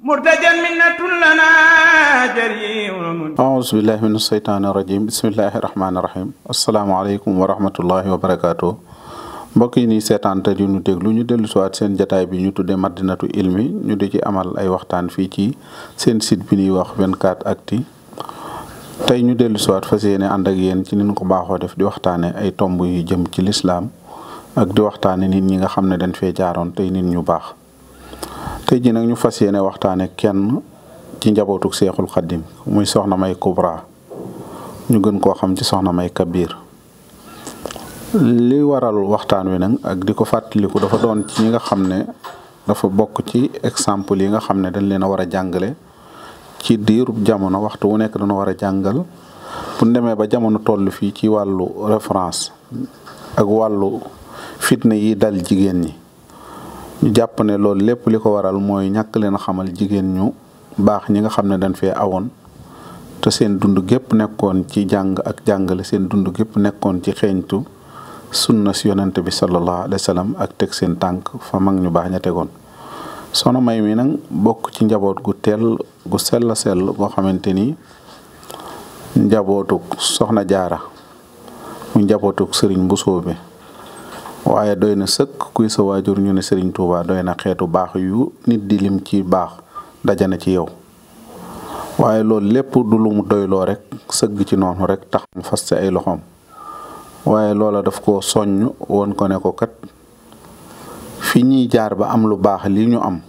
murtajan minnatun lana jariun auzu billahi min seytaani rajim bismillahi rahmaani rahim asalaamaaleykum wa rahmatullahi wa barakaatu mbokk yi nii seetaan te di ñu déglu ñu dellu siwaat seen jataay bi ñu tuddee madinatu ilmi ñu di ci amal ay waxtaan fii ci seen site bi ñuy wax ak actu tey ñu dellu siwaat fas yéene ànd ak ci niñ ko baaxoo def di waxtaane ay tomb yu jëm ci lislaam ak di waxtaane nit ñi nga xam ne dañ fee jaaroon tey nit ñu baax tey jii nag ñu fas yéene waxtaane kenn ci njabootuk seexul xaddim muy soxna may Kubra ñu gën koo xam ci soxna may Kabir li waral waxtaan wi nag ak di ko fàttaliku dafa doon ci ñi nga xam ne dafa bokk ci exemple yi nga xam ne dañ leen a war a jàngale ci diiru jamono waxtu wu nekk dana war a jàngal bu ñu demee ba jamono toll fii ci wàllu référence ak wàllu fitna yi dal jigéen ñi ñu jàpp ne loolu lépp li ko waral mooy ñàkk leen xamal jigéen ñu baax ñi nga xam ne dañ fee awoon te seen dund gépp nekkoon ci jàng ak jàngale seen dund gépp nekkoon ci xeeñtu sunna si yonent bi sallallahu alayhi wa ak teg seen tànk fa mag ñu baax ña tegoon soxna may mi nag bokk ci njaboot gu teel gu sell sell goo xamante ni njabootuk soxna jaara mu njabootuk sëriñ Mbusoo bi waaye doy na sëkk kuy sa waajur ñu ne Serigne Touba doy na xeetu baax yu nit di lim ci baax daja na ci yow waaye loolu lépp du lu mu doyloo rek sëgg ci noonu rek tax mu fas ci ay loxoom waaye loola def ko soññ woon ko ne ko kat fi ñuy jaar ba am lu baax li ñu am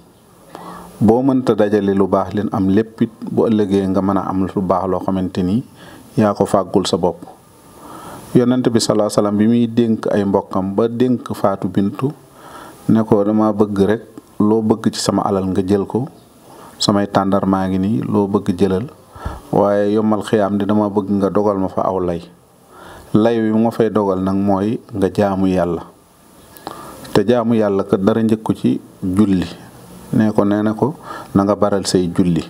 boo mënta dajale lu baax leen am lépp it bu ëllëgee nga mën a am lu baax loo xamante ni yaa ko fàggul sa bopp. yonent bi salaa salaam bi muy dénk ay mbokkam ba dénk faatu bintu ne ko dama bëgg rekk loo bëgg ci sama alal nga jël ko samay tàndar maa ngi nii loo bëgg jëlal waaye yomal xiyaam di dama bëgg nga dogal ma fa aw lay lay wi ma fay dogal nag mooy nga jaamu yàlla te jaamu yàlla kat dara njëkku ci julli nee ko nee na ko nanga nga baral say julli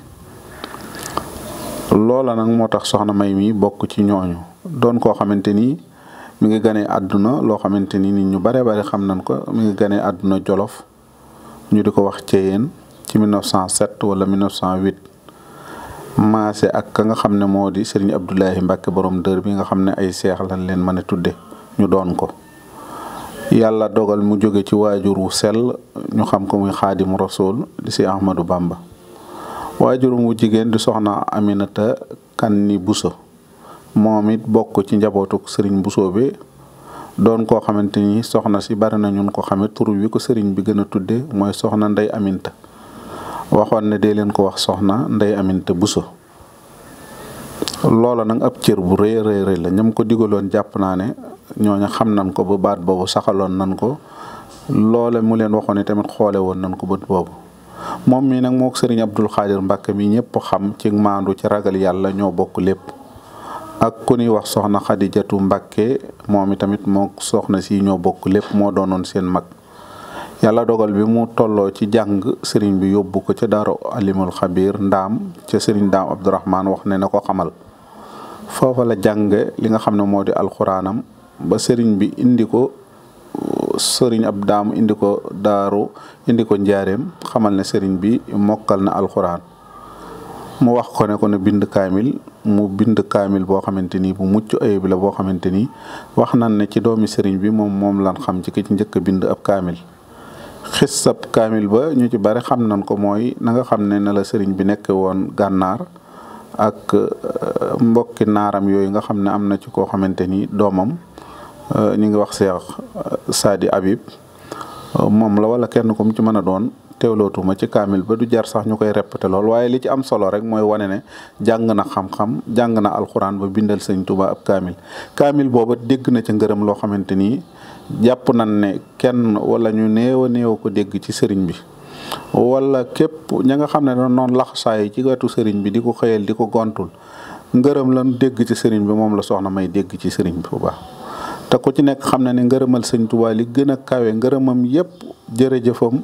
loola nag moo tax soxna May mi bokk ci ñooñu doon koo xamante ni mi ngi gane àdduna loo xamante ni nit ñu bare bari xam nañ ko mi ngi ganee àdduna Jolof ñu di ko wax Ceyeen ci 1907 wala 1908 maase ak ka nga xam ne moo di Serigne Abdoulahi Mbacke boroom dër bi nga xam ne ay seex lañ leen mën a tudde ñu doon ko yàlla dogal mu jóge ci waajur wu sel ñu xam ko muy xaadim rasul di si Ahmadou Bamba waajurum wu jigéen di soxna Aminata ni Bousso moom it bokk ci njabootuk sëriñ Mbusoobe doon koo xamante ni soxna si bari na ñun ko xame tur bi ko sëriñ bi gën a tudde mooy soxna Ndey Aminta waxoon ne dee leen ko wax soxna Ndey Aminta Buso loola nag ab cër bu rëy rëy la ñam ko digaloon jàpp naa ne ñooña xam nañ ko ba baat boobu saxaloon nañ ko loole mu leen waxoon ne tamit xoole woon nañ ko bët boobu moom mii nag mook sëriñ Abdul Xaadir Mbàkke mi ñëpp xam ci maandu ci ragal yàlla ñoo bokk lépp ak ku ñuy wax soxna xadijatu mbakke moom tamit moo soxna si ñoo bokk lépp moo doonoon seen mag yàlla dogal bi mu tolloo ci jàng sëriñ bi yóbbu ko ca daaru alimul xabir ndaam ca sëriñ daam ndaam abdourahman wax ne na ko xamal foofa la jànge li nga xam ne moo di alxuraanam ba sëriñ bi indi ko sëriñ ab daam indi ko daaru indi ko njaareem xamal ne sëriñ bi mokkal na alxuraan mu wax ko ne bind kaamil mu bind kaamil boo xamante ni bu mucc ayib la boo xamante ni wax nan ne ci doomi sëriñ bi moom moom lan xam ci ki ci njëkk a bind ab kaamil xissab kaamil ba ñu ci bari xam nan ko mooy na xam ne na la sëriñ bi nekk woon gànnaar ak euh, mbokki naaram yooyu nga xam ne am na ci koo xamante ni doomam euh, ñu ngi wax seex euh, Saadi Habib moom la wala kenn kum ci mën a doon teewlootuma ci kaamil ba du jar sax ñu koy répété lool waaye li ci am solo rek mooy wane ne jàng na xam-xam jàng na alxuraan ba bindal sëñ Tuuba ab kaamil kaamil booba dégg na ca ngërëm loo xamante ni jàpp nañ ne kenn wala ñu néew ko dégg ci sëriñ bi wala képp ña nga xam ne noonu laxasaay ci wetu sëriñ bi di ko xëyal di ko gontul ngërëm lan dégg ci sëriñ bi moom la soxna may dégg ci sëriñ bi bu baax te ku ci xam na ne ngërëmal sëñ Tuuba li gën a kawe ngërëmam yépp jërëjëfam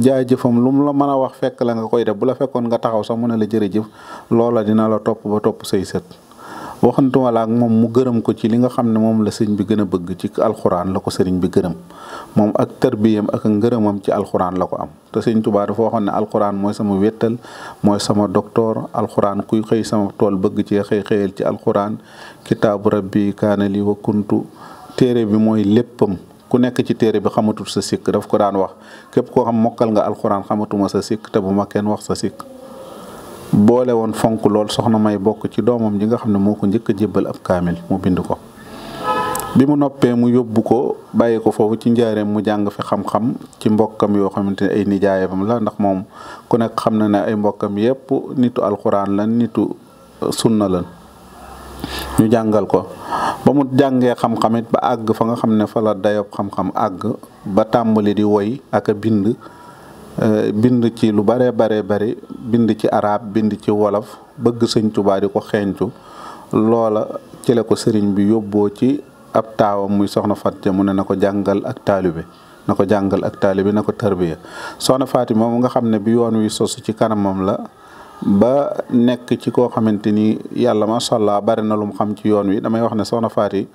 jaay jëfam lu mu la mën a wax fekk la nga koy def bu la fekkoon nga taxaw sax mu ne la jërëjëf loola dina la topp ba topp say sët waxantuma la ak moom mu gërëm ko ci li nga xam ne moom la sëriñ bi gën a bëgg ci alxuraan la ko sëriñ bi gërëm moom ak tarbiyam ak ngërëmam ci alxuraan la ko am te sëriñ Tuubaa dafa waxoon ne alxuraan mooy sama wéttal mooy sama doctor alxuraan kuy xëy sama tool bëgg ci xëy xëyal ci alxuraan kitaabu rabbi kaana li wa kuntu téere bi mooy léppam ku nekk ci téere bi xamatul sa sikk daf ko daan wax képp koo xam mokkal nga alxuraan xamatuma sa sikk te bu ma kenn wax sa sikk boole woon fonk lool soxna may bokk ci doomam ji nga xam ne moo ko njëkk a jébbal ab kaamil mu bind ko bi mu noppee mu yóbbu ko bàyyi ko foofu ci njaareem mu jàng fi xam-xam ci mbokkam yoo xamante ne ay nijaayam la ndax moom ku nekk xam na ne ay mbokkam yépp nitu alxuraan lan nitu sunna lan ñu jàngal ko ba mu jàngee xam-xamit ba àgg fa nga xam ne fa la dayob xam-xam àgg ba tàmbali di woy ak a bind euh, bind ci lu baree baree bari bind ci arab bind ci wolof bëgg sëñ Tuubaa di ko xeeñtu loola ci la ko sëriñ bi yóbboo ci ab taawam muy soxna Fatima mu ne na ko jàngal ak taalibe na ko jàngal ak taalibe na ko tarbiya soxna Fatima moom nga xam ne bi yoon wi sosu ci kanamam la ba nekk ci koo xamante ni yàlla macha allah bari na lum xam ci yoon wi damay wax ne soxna Faati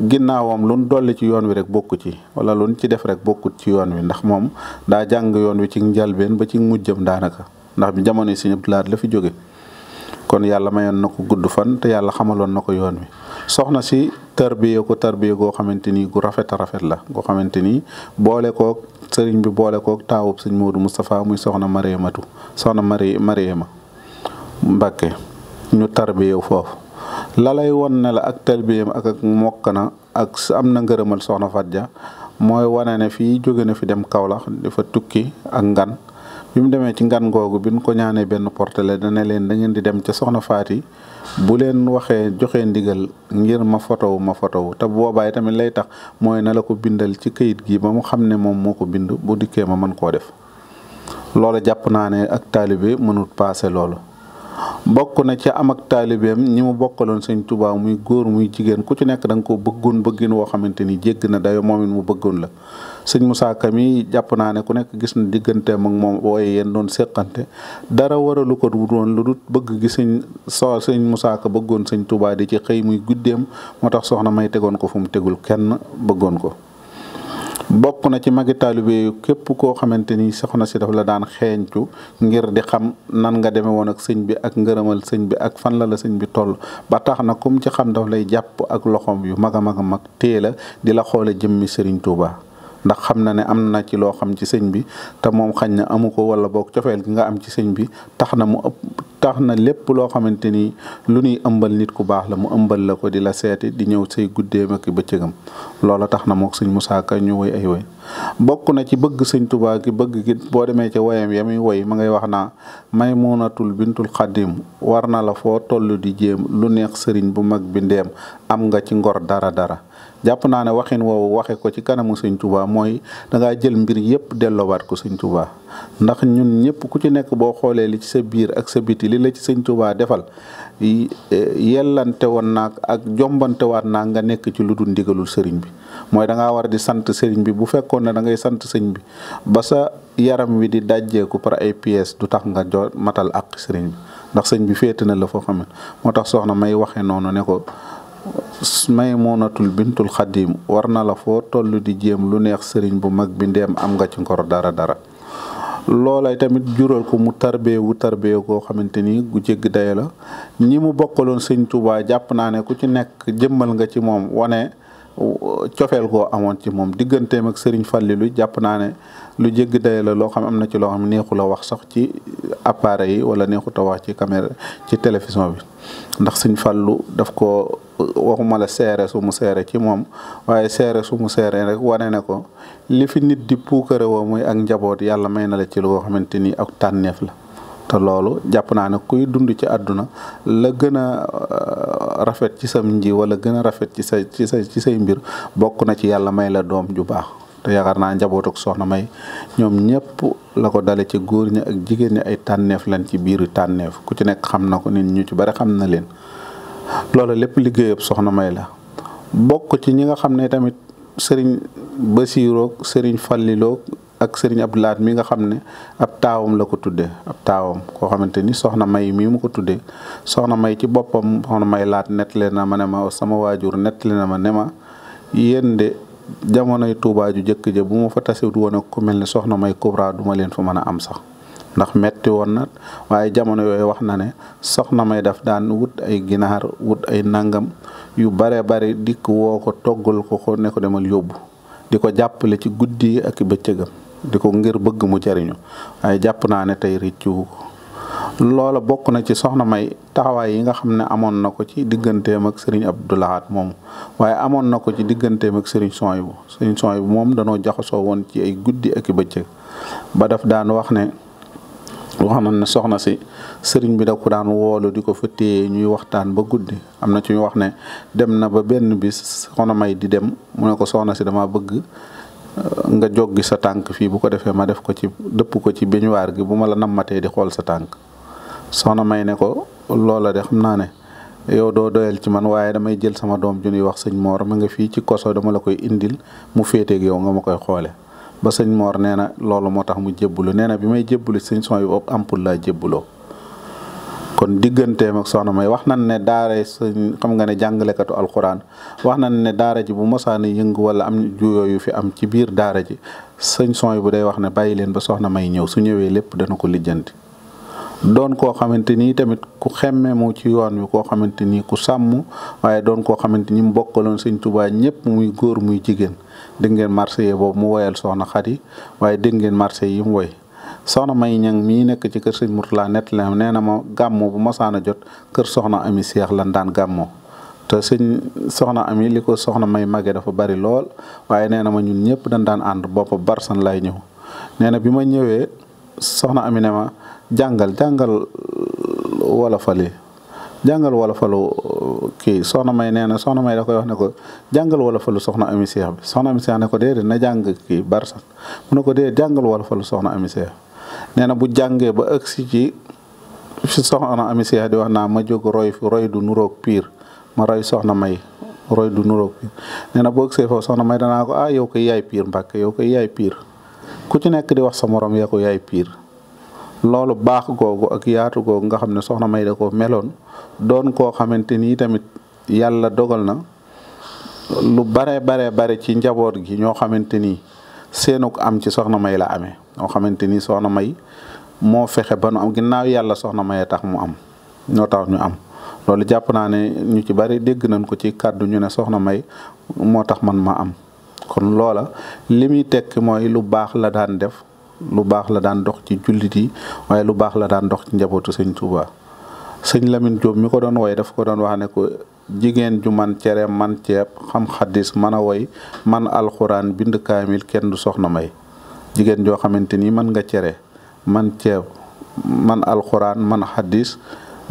ginnaawam luñ dolli ci yoon wi rek bokku ci wala luñ ci def rek bokkut ci yoon wi ndax moom daa jàng yoon wi ci njalbeen ba ci mujjam daanaka ndax bi jamono Sëriñ Abdou Lahad la fi jóge kon yàlla mayoon na ko gudd fan te yàlla xamaloon na ko yoon wi soxna si tarbiya ko tarbiya goo xamante ni gu rafet a rafet la goo xamante ni boole koog sëriñ bi boole koog taawub sëñ Modou Moustapha muy soxna Mariamatu soxna Mari Mariama Mbàkke ñu tarbiyew foofu la lay won ne ak tarbiyam ak ak mokk na ak am na ngërëmal soxna Fat ja mooy wane ne fii jóge na fi dem Kaolack dafa tukki ak ngan bi mu demee ci ngan googu bi ko ñaanee benn portele dana leen da ngeen di dem ca soxna Faati bu leen waxee joxe ndigal ngir ma fotowu ma fotowu te boobaay tamit lay tax mooy na la ko bindal ci kayit gi ba mu xam ne moom moo ko bind boo dikkee ma mën koo def loolu jàpp naa ne ak taalibe mënut paase loolu bokk na ca am ak taalibeem ñi mu bokkaloon sëñ tubaa muy góor muy jigéen ku ci nekk da nga ko bëggoon bëggin woo xamante ni jégg na dayo moom it mu bëggoon la sëñ Moussa Ka mi jàpp naa ne ku nekk gis na digganteem ak moom wooye yéen doon séqante dara waralu ko doon lu dul bëgg gi soo so sëñ Moussa Ka bëggoon sëñ tubaa di ci xëy muy guddeem moo tax soxna may tegoon ko fu mu tegul kenn bëggoon ko bokk na ci magi taalibe képp koo xamante ni soxna si daf la daan xeeñcu ngir di xam nan nga demee woon ak sëñ bi ak ngërëmal sëñ bi ak fan la la sëñ bi toll ba tax na kum ci xam daf lay jàpp ak loxoom yu mag a mag a mag tée la di la xoole jëmmi sëriñ Tuuba ndax xam na ne am na ci loo xam ci sëñ bi te moom xañ na amu ko wala boog cofeel gi nga am ci sëñ bi tax na mu ëpp tax na lépp loo xamante ni lu ñuy ëmbal nit ku baax la mu ëmbal la ko di la seeti di ñëw say guddeem ak bëccëgam loola tax na mook sëñ Moussa Ka ñu woy ay woy bokk na ci bëgg sëñ Tuubaa gi bëgg gi boo demee ci woyam ya muy woy ma ngay wax naa Maymunatul bintul Xadim war na la foo toll di jéem lu neex sëriñ bu mag bi ndeem am nga ci ngor dara dara jàpp naa ne waxin woowu waxe ko ci kanamu sëñ tubaa mooy dangaa jël mbir yépp delloowaat ko sëñ Tuubaa ndax ñun ñëpp ku ci nekk boo xoolee li ci sa biir ak sa biti li la ci sëñ Tuubaa defal e, yellante woon naag ak jombante waat naa nga nekk ci lu dul ndigalul sëriñ bi mooy da ngaa war di sant sëriñ bi bu fekkoon ne da ngay sant sëñ bi ba sa yaram wi di dajjeeku par ay pièces du tax nga jo matal ak sëriñ bi ndax sëñ bi féete na la foo moo tax soxna may waxee noonu ne ko may moonatul bintul xadim war na la foo toll di jéem lu neex sëriñ bu mag bi ndeem am nga ci ngor dara dara loolay tamit juróol ko mu tarbee wu tarbee koo xamante ni gu jégg daya la ñi mu bokkaloon sëñ Touba jàpp naa ne ku ci nekk jëmmal nga ci moom wane cofeel koo amoon ci moom digganteem ak sëriñ Fallilou jàpp naa ne lu jégg daya la loo xam am na ci loo xam neexu la wax sax ci appareil yi wala neexu ta wax ci caméra ci télévision bi ndax sëñ Fallou daf ko waxuma la seere su mu seere ci moom waaye seere su mu seere rek wane ne ko li fi nit di puukare woo muy ak njaboot yàlla may na la ci loo xamante ni ak tànneef la te loolu jàpp naa ne kuy dund ci àdduna la gën a euh, rafet ci sam nji wala gën a rafet ci sa ci sa ci say mbir bokk na ci yàlla may la doom ju baax te yaakaar naa njaboot soxna may ñoom ñëpp lako ko dale ci góor ñi ak jigéen ñi ay tànneef lañ ci biiru tànneef ku ci nekk xam na ko nit ñu ci xam na leen loola lépp liggéeyab soxna may la bokk ci ñi nga xam ne tamit sëriñ Basiiroog sëriñ Falliloog ak sëriñ laat mi nga xam ne ab taawam la ko tuddee ab taawam koo xamante ni soxna may mii mu ko tuddee soxna may ci boppam soxna may laat nettali na ma ne ma sama waajur nettali na ma ne ma yéen de jamonoy Tuubaa ju jëkk ja bu ma fa tasewut woon ak ku mel ne soxna may Kubra ma leen fa mën a am sax ndax metti woon na waaye jamono yooy wax na ne soxna may def daan wut ay ginaar wut ay nangam yu bare bari dikk woo ko toggal ko ko ne ko demal yóbbu di ko jàppale ci guddi yi ak bëccëgam di ko ngir bëgg mu jariñu waaye jàpp naa ne tey rëccu ko loola bokk na ci soxna may taxawaay yi nga xam ne amoon na ko ci digganteem ak sëriñ Abdou moom waaye amoon na ko ci digganteem ak sëriñ Soyibu sëriñ Soyibu moom danoo jaxasoo woon ci ay guddi ak bëccëg ba daf daan wax ne wax na ne soxna si sëriñ bi da ko daan woolu di ko fëttee ñuy waxtaan ba guddi am na ci ñu wax ne dem na ba benn bis soxna may di dem mu ne ko soxna si dama bëgg euh, nga joggi sa tànk fii bu ko defee ma def ko ci dëpp ko ci beñuwaar gi bu ma la nammatee di xool sa tànk soo na may ne ko loola de xam naa ne yow doo doyal ci man waaye damay jël sama doom ju ñuy wax sëñ moor ma nga fii ci koso dama la koy indil mu féeteeg yow nga ma koy xoole ba sëñ moor nee na loolu moo tax mu jébbalu nee na bi may jébbalu sëñ son yu ëpp ampul laa jébbaloo kon digganteem ak soxna may wax nañ ne daara sëñ xam nga ne jàngalekatu alxuraan wax nañ ne daara ji bu mosaan yëngu wala am juyoo yu fi am ci biir daara ji sëñ son bu day wax ne bàyyi leen ba soxna may ñëw su ñëwee lépp dana ko lijjanti. doon koo xamante ni tamit ku xemme moo ci yoon wi koo xamante ni ku sàmm waaye doon koo xamante ni mu bokkaloon sëñ Tuubaa ñëpp muy góor muy jigéen dégg ngeen marché boobu mu woyal soxna Xadi waaye dégg ngeen yi mu woy soxna May Ñang mii nekk ci kër sëñ Murtala nett la nee na ma gàmmoo bu masaan a jot kër soxna Ami Seex lan daan gàmmoo te sëñ soxna Ami li ko soxna May mage dafa bari lool waaye nee na ma ñun ñëpp dañ daan ànd boppa barsan lay ñëw nee na bi ma ñëwee soxna Ami ne ma jàngal jàngal uh, wolofal yi jàngal wolofalu uh, kii soxna may nee na soxna may da koy wax ne ko jàngal wolofalu soxna ami bi soxna ami seex ko déedéet na jàng kii barsak mu ne ko déedéet jàngal wolofalu soxna ami nee na bu jàngee ba ëgsi ci fi soxna ami di wax naa ma jóg roy roy du nuroog piir ma roy soxna may roy du nuroog piir nee na bu ëgsee foofu soxna may danaa ko ah, yaay piir mbàkk yow koy yaay piir ku ci nekk di wax sa morom yaa ko yaay piir loolu baax googu ak yaatu googu nga xam ne soxna may da koo meloon doon koo xamante ni tamit yàlla dogal na lu bare bare bare ci njaboot gi ñoo xamante ni seenuk am ci soxna may la amee ñoo xamante ni soxna may moo fexe ba nu am ginnaaw yàlla soxna mayee tax mu am ñoo tax ñu am loolu jàpp naa ne ñu ci bari dégg nañ ko ci kàddu ñu ne soxna may moo tax man ma am kon loola li muy tekki mooy lu baax la daan def lu baax la daan dox ci jullit yi waaye lu baax la daan dox ci njabootu sëñ Tuuba sëñ Lamine Diop mi ko doon woy daf ko doon wax ko jigéen ju man cere man ceeb xam xaddis man a woy man alxuraan bind kaamil kenn du soxna may jigéen joo xamante ni man nga cere man ceeb man alxuraan man xaddis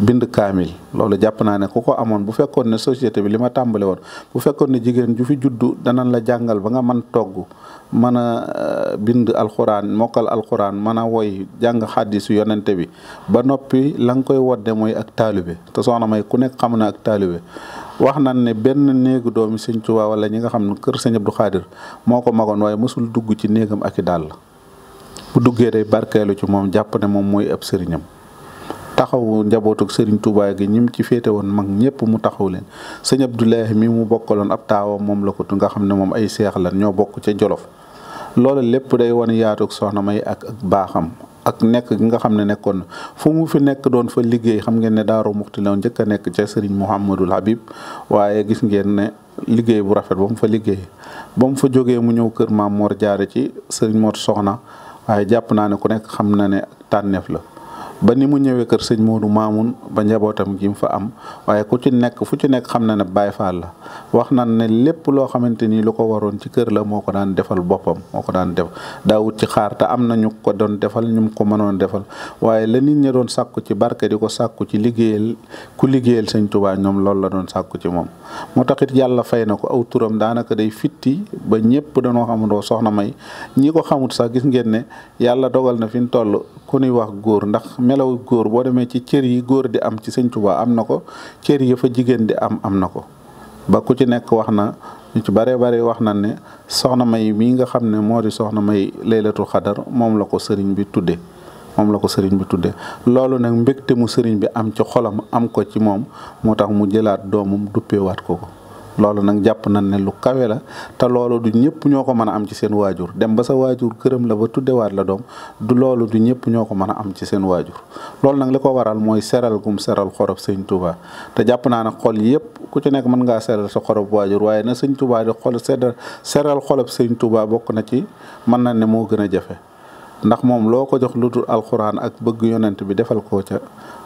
bind kaamil loolu jàpp naa ne ku ko amoon bu fekkoon ne société bi li ma tàmbale woon bu fekkoon ne jigéen ju fi juddu danañ la jàngal ba nga man togg mën a euh, bind alxuraan mokkal alxuraan mën a woy jàng xaddisu yonente bi ba noppi la nga koy wodde mooy ak taalibe te soxna may ku nekk xam na ak taalibe wax nañ ne benn néegu doomi sëñ Tuubaa wala ñi nga xam ne kër sëñ Abdu Xaadir moo ko magoon waaye mësul dugg ci néegam ak i dàll bu duggee day barkeelu ci moom jàpp ne moom mooy ab sëriñam taxawu njabootug Serigne Touba gi ñim ci féete woon mag ñëpp mu taxaw leen sëñ Abdoulaye mi mu bokkaloon ab taawam moom la ko nga xam ne moom ay seex lan ñoo bokk ca Jolof loolu lépp day wan yaatug soxna May ak baaxam ak nekk gi nga xam ne nekkoon na fu mu fi nekk doon fa liggéey xam ngeen ne daaro Muxti la njëkk a nekk ca Serigne Mouhamadul Habib waaye gis ngeen ne liggéey bu rafet ba mu fa liggéey ba mu fa jógee mu ñëw kër maam Mor jaare ci Serigne Mor Soxna waaye jàpp naa ne ko nekk xam na ne tànneef la. ba ni mu ñëwee kër sëñ Modou Mamoun ba njabootam gi mu fa am waaye ku ci nekk fu ci nekk xam na ne Baye Fall la wax nan ne lépp loo xamante ni lu ko waroon ci kër la moo ko daan defal boppam moo ko daan def daawut ci xaar te am na ñu ko doon defal ñu ko mënoon defal waaye la nit ñi doon sàkku ci barke di ko sàkku ci liggéeyal ku liggéeyal sëñ Touba ñoom loolu la doon sàkku ci moom moo tax it yàlla fay na ko aw turam daanaka day fitti ba ñëpp danoo xamandoo soxna may ñi ne yàlla dogal na fi mu toll melaw góor boo demee ci cër yi góor di am ci sëñ Tuubaa am na ko cër yi fa jigéen di am am na ko ba ku ci nekk wax na ñu ci bare bare wax na ne soxna may mii nga xam ne moo di soxna may laylatul xadar moom la ko sëriñ bi tudde moom la ko sëriñ bi tudde loolu nag mbégte mu sëriñ bi am ci xolam am ko ci moom moo tax mu jëlaat doomam duppeewaat ko ko loolu nag jàpp nañ ne lu kawe la te loolu du ñëpp ñoo ko mën a am ci seen waajur dem ba sa waajur këram la ba tuddewaat la doom du loolu du ñëpp ñoo ko mën a am ci seen waajur loolu nag li ko waral mooy seral gum seral xorob sëñ tubaa te jàpp naa ne xol yëpp ku ci nekk mën ngaa seral sa xorob waajur waaye na sëñ Touba di xol seddal seral xolob sëñ Touba bokk na ci mën na ne moo gën a jafe ndax moom loo ko jox lu dul alxuraan ak bëgg yonent bi defal ko ca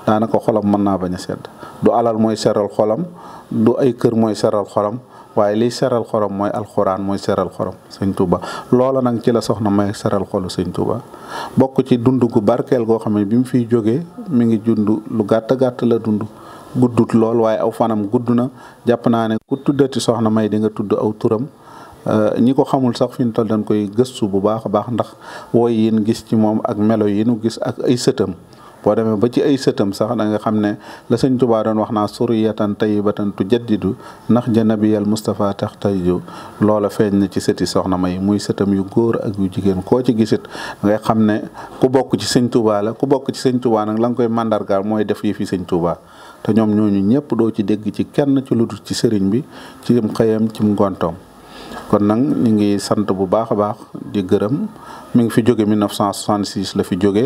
daanaka xolam mën naa bañ a sedd du alal mooy seral xolam du ay kër mooy seral xolam waaye liy seral xolam mooy alxuraan mooy seral xolam sëñ Touba loola nag ci la soxna may seral xolu sëñ Touba bokk ci dund gu barkeel goo xam ne bi mu fiy jógee mi ngi dund lu gàtt gàtt la dund guddut lool waaye aw fanam gudd na jàpp naa ne ku tuddati soxna may di nga tudd aw turam euh, ñi ko xamul sax fi ñu toll dañ koy gëstu bu baax a baax ndax wooy yin gis ci moom ak melo yi nu gis ak ay sëtam boo demee ba ci ay sëtam sax da nga xam ne la sëñ Tuubaa doon wax naa suriyatan tayyibatan tujaddidu ndax janabiyal Mustafa tax tayju loola feeñ na ci sëti soxna may muy sëtam yu góor ak yu jigéen koo ci gisit nga xam ne ku bokk ci sëñ Tuubaa la ku bokk ci sëñ Tuubaa nag la nga koy mandargaal mooy def yi fi sëñ Tuubaa te ñoom ñooñu ñëpp doo ci dégg ci kenn ci lu dul ci sëriñ bi ci xëyam ci ngontoom kon nag ñu ngi sant bu baax a baax di gërëm mi ngi fi jóge 1966 la fi jóge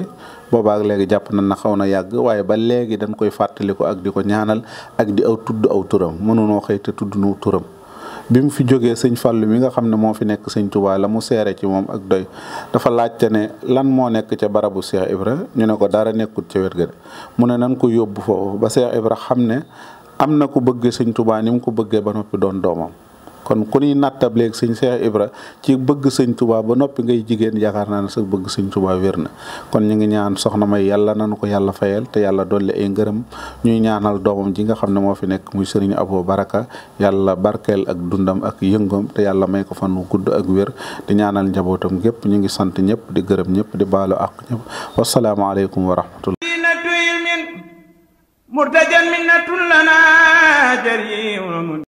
boobaak léegi jàpp na na xaw na yàgg waaye ba léegi dañ koy fàttaliku ak di ko ñaanal ak di aw tudd aw turam mënunoo xëy te tudd nu turam bi mu fi jógee sëñ Fallu mi nga xam ne moo fi nekk sëñ Tuubaa la mu seere ci moom ak doy dafa te ne lan moo nekk ca barabu Cheikh ibre ñu ne ko dara nekkut ca wet ga de mu ne nan ko yóbbu foofu ba Cheikh ibre xam ne am na ku bëgg sëñ ni mu ko bëggee ba noppi doon doomam kon ku ñuy nattableeg sëñ Cheikh Ibra ci bëgg sëñ Touba ba noppi ngay jigéen yaakaar naa ne sa bëgg sëñ Touba wér na kon ñu ngi ñaan soxna may yàlla nanu ko yàlla fayal te yàlla dolli ay ngërëm ñuy ñaanal doomam ji nga xam ne moo fi nekk muy sëriñ Abo Baraka yàlla barkeel ak dundam ak yëngam te yàlla may ko fan wu gudd ak wér di ñaanal njabootam gépp ñu ngi sant ñëpp di gërëm ñëpp di baalu ak ñëpp wasalaamaaleykum wa rahmatullah